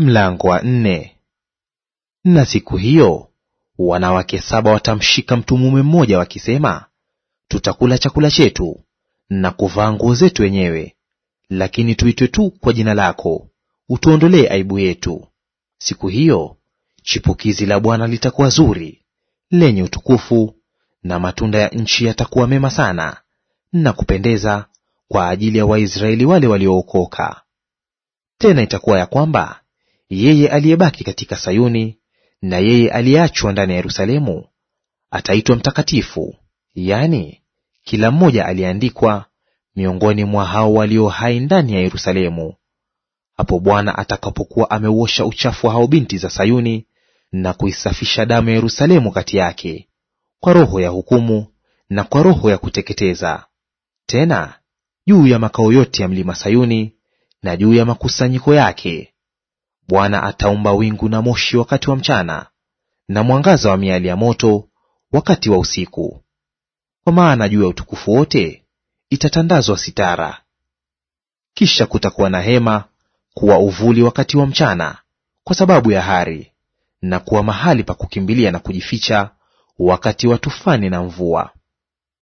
Mlango wa nne. Na siku hiyo wanawake saba watamshika mtu mume mmoja wakisema, tutakula chakula chetu na kuvaa nguo zetu wenyewe, lakini tuitwe tu kwa jina lako, utuondolee aibu yetu. Siku hiyo chipukizi la Bwana litakuwa zuri lenye utukufu, na matunda ya nchi yatakuwa mema sana na kupendeza, kwa ajili ya Waisraeli wale waliookoka. Tena itakuwa ya kwamba yeye aliyebaki katika Sayuni na yeye aliyeachwa ndani ya Yerusalemu ataitwa mtakatifu, yaani kila mmoja aliyeandikwa miongoni mwa hao walio hai ndani ya Yerusalemu, hapo Bwana atakapokuwa ameuosha uchafu wa hao binti za Sayuni na kuisafisha damu ya Yerusalemu kati yake, kwa roho ya hukumu na kwa roho ya kuteketeza. Tena juu ya makao yote ya mlima Sayuni na juu ya makusanyiko yake Bwana ataumba wingu na moshi wakati wa mchana, na mwangaza wa miali ya moto wakati wa usiku. Kwa maana juu ya utukufu wote itatandazwa sitara. Kisha kutakuwa na hema kuwa uvuli wakati wa mchana kwa sababu ya hari, na kuwa mahali pa kukimbilia na kujificha wakati wa tufani na mvua.